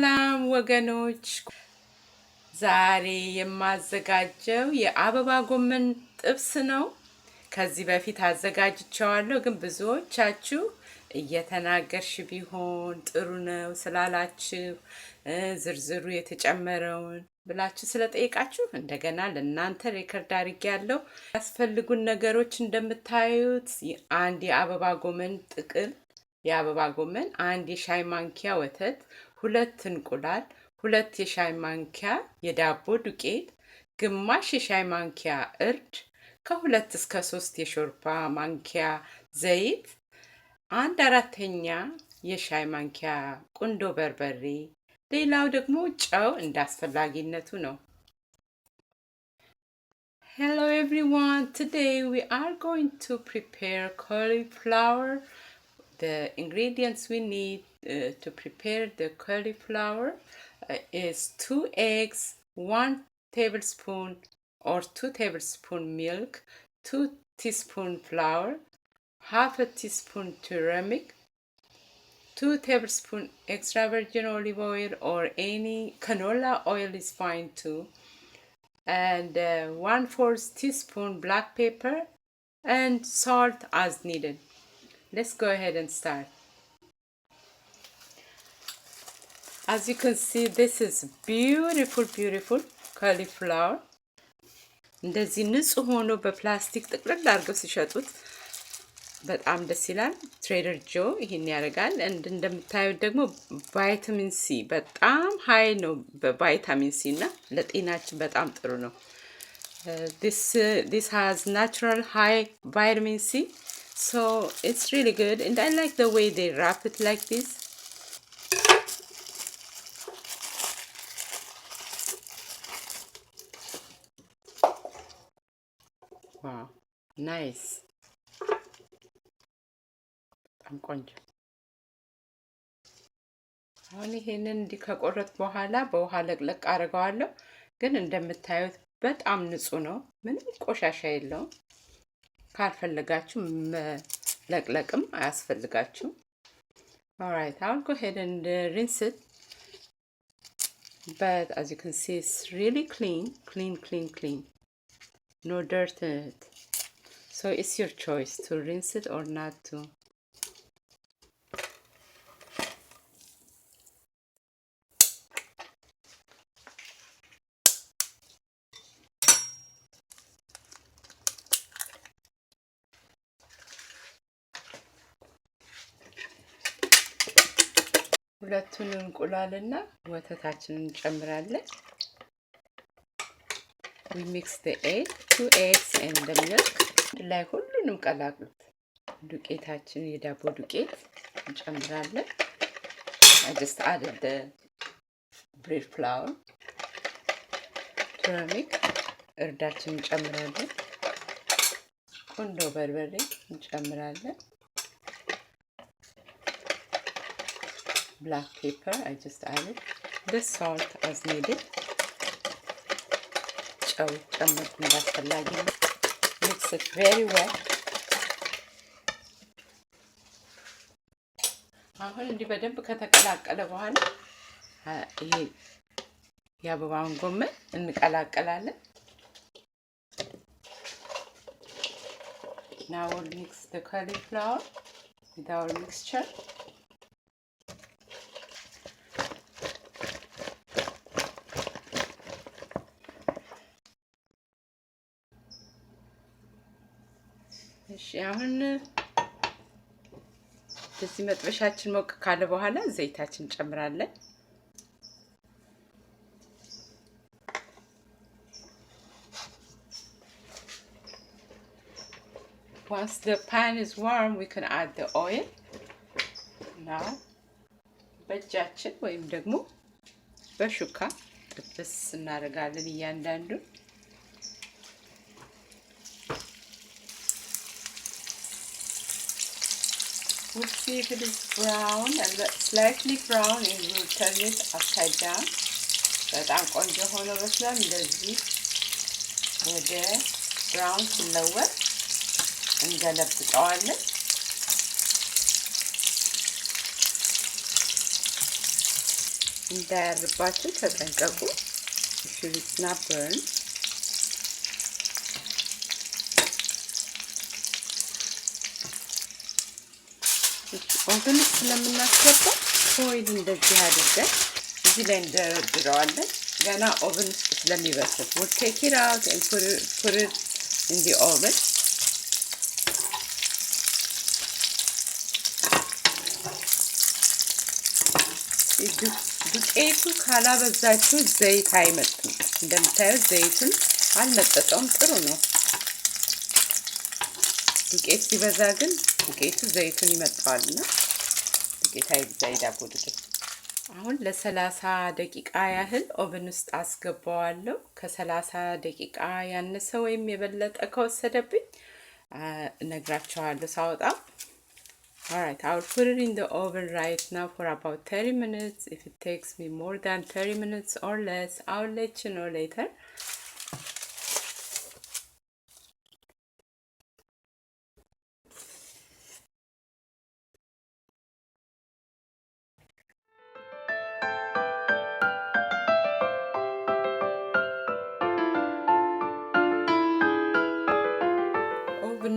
ሰላም ወገኖች፣ ዛሬ የማዘጋጀው የአበባ ጎመን ጥብስ ነው። ከዚህ በፊት አዘጋጅቸዋለሁ፣ ግን ብዙዎቻችሁ እየተናገርሽ ቢሆን ጥሩ ነው ስላላችሁ ዝርዝሩ የተጨመረውን ብላችሁ ስለጠየቃችሁ እንደገና ለእናንተ ሬከርድ አድርጌ ያለው ያስፈልጉን ነገሮች እንደምታዩት አንድ የአበባ ጎመን ጥቅል የአበባ ጎመን፣ አንድ የሻይ ማንኪያ ወተት፣ ሁለት እንቁላል፣ ሁለት የሻይ ማንኪያ የዳቦ ዱቄት፣ ግማሽ የሻይ ማንኪያ እርድ፣ ከሁለት እስከ ሶስት የሾርባ ማንኪያ ዘይት፣ አንድ አራተኛ የሻይ ማንኪያ ቁንዶ በርበሬ፣ ሌላው ደግሞ ጨው እንደ አስፈላጊነቱ ነው። Hello everyone, today we are going to prepare cauliflower. The ingredients we need Uh, to prepare the cauliflower uh, is two eggs, one tablespoon or two tablespoon milk, two teaspoon flour, half a teaspoon turmeric, two tablespoon extra virgin olive oil or any canola oil is fine too, and uh, one fourth teaspoon black pepper and salt as needed. Let's go ahead and start. as you can see this is beautiful beautiful cauliflower ndezinisuhono ba plastic tiklal largo shot? but I'm the silan trader joe in Yaragan and in the time vitamin c but I'm high no vitamin c na let in but I'm through this this has natural high vitamin c so it's really good and I like the way they wrap it like this ዋው ናይስ በጣም ቆንጆ። አሁን ይሄንን እንዲህ ከቆረጥ በኋላ በውሃ ለቅለቅ አድርገዋለሁ። ግን እንደምታዩት በጣም ንጹህ ነው፣ ምንም ቆሻሻ የለውም። ካልፈለጋችሁ መለቅለቅም አያስፈልጋችሁም። ኦራይት አሁን ጎ ሄድ በት አዝ ዩ ካን ሲ ኢትስ ሪሊ ክሊን ክሊን ክሊን ክሊን no dirt in it. So it's your choice to rinse it or not to. ሁለቱን እንቁላልና ወተታችንን እንጨምራለን። we mix the egg two eggs and the milk ላይ ሁሉንም ቀላቅሉት። ዱቄታችን የዳቦ ዱቄት እንጨምራለን። I just added the bread flour turmeric እርዳችን እንጨምራለን። ቁንዶ በርበሬ እንጨምራለን። ብላክ ፔፐር I just added the salt as needed ጨው ጨመርኩ እንዳስፈላጊ ነው። ሚክስ ኢት ቬሪ ዌል። አሁን እንዲህ በደንብ ከተቀላቀለ በኋላ ይሄ የአበባውን ጎመን እንቀላቀላለን። ናው ሚክስ ዘ ካሊፍላወር ዊዝ አወር ሚክስቸር እሺ አሁን በዚህ መጥበሻችን ሞቅ ካለ በኋላ ዘይታችን እንጨምራለን። Once the pan is warm, we can add the oil. Now, በእጃችን ወይም ደግሞ በሹካ ጥብስ እናደርጋለን እያንዳንዱን we'll see if it is brown and slightly brown and we'll turn it upside down but I'm going to hold over some lazy over there brown to lower and then up the garlic and there the butter has been covered so it's not burned ኦቨን ውስጥ ስለምናስገባው ፎይል እንደዚህ አድርገን እዚህ ላይ እንደረድረዋለን። ገና ኦቨን ውስጥ ስለሚበስል ቴክ ኢት አውት ኤንድ ፑት ኢት ኢን ዲ ኦቨን ዱቄቱ ካላበዛችሁ ዘይት አይመጥም። እንደምታዩት ዘይቱን አልመጠጠውም። ጥሩ ነው። ዱቄት ሲበዛ ግን ዱቄቱ ዘይቱን ይመጣዋልና ዱቄት አይብዛ የዳቦ ዱቄት። አሁን ለሰላሳ ደቂቃ ያህል ኦቨን ውስጥ አስገባዋለሁ። ከሰላሳ ደቂቃ ያነሰ ወይም የበለጠ ከወሰደብኝ እነግራቸዋለሁ ሳወጣ። ኦራይት አውል ፑት ኢን ዘ ኦቨን ራይት ናው ፎር አባውት ተሪ ሚኒትስ ኢፍ ኢት ቴክስ ሚ ሞር ዳን ተሪ ሚኒትስ ኦር ለስ አውል ሌት ዩ ኖው ሌተር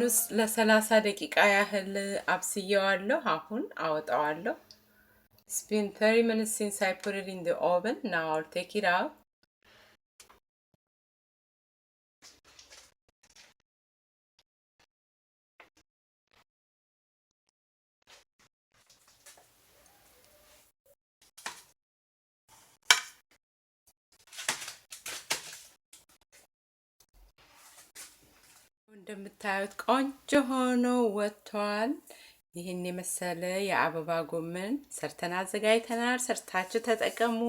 ፍርኑስ ለሰላሳ ደቂቃ ያህል አብስየዋለሁ። አሁን አወጣዋለሁ። ስፒን ተሪ ሚኒትስ ሲንስ አይ ፑት ኢት ኢን ዘ ኦቨን ናው አይል ቴክ ኢት አውት እንደምታዩት ቆንጆ ሆኖ ወጥቷል። ይህን የመሰለ የአበባ ጎመን ሰርተን አዘጋጅተናል። ሰርታችሁ ተጠቀሙ።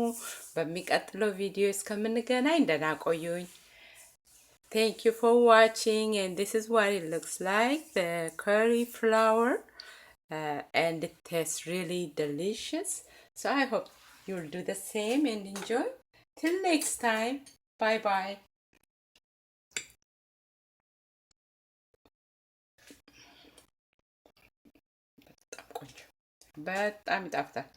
በሚቀጥለው ቪዲዮ እስከምንገናኝ ደህና ቆዩኝ። ቴንክ ዩ ፎር ዋቺንግ ኤንድ ዲስ ኢዝ ዋት ኢት ሉክስ ላይክ ዘ ከሪ ፍላወር ኤንድ ኢት ቴስት ሪሊ ደሊሽስ ሶ አይ ሆፕ ዩል ዱ ዘ ሴም ኤንድ ኢንጆይ ቲል ኔክስት ታይም ባይ ባይ በጣም ይጣፍጣል።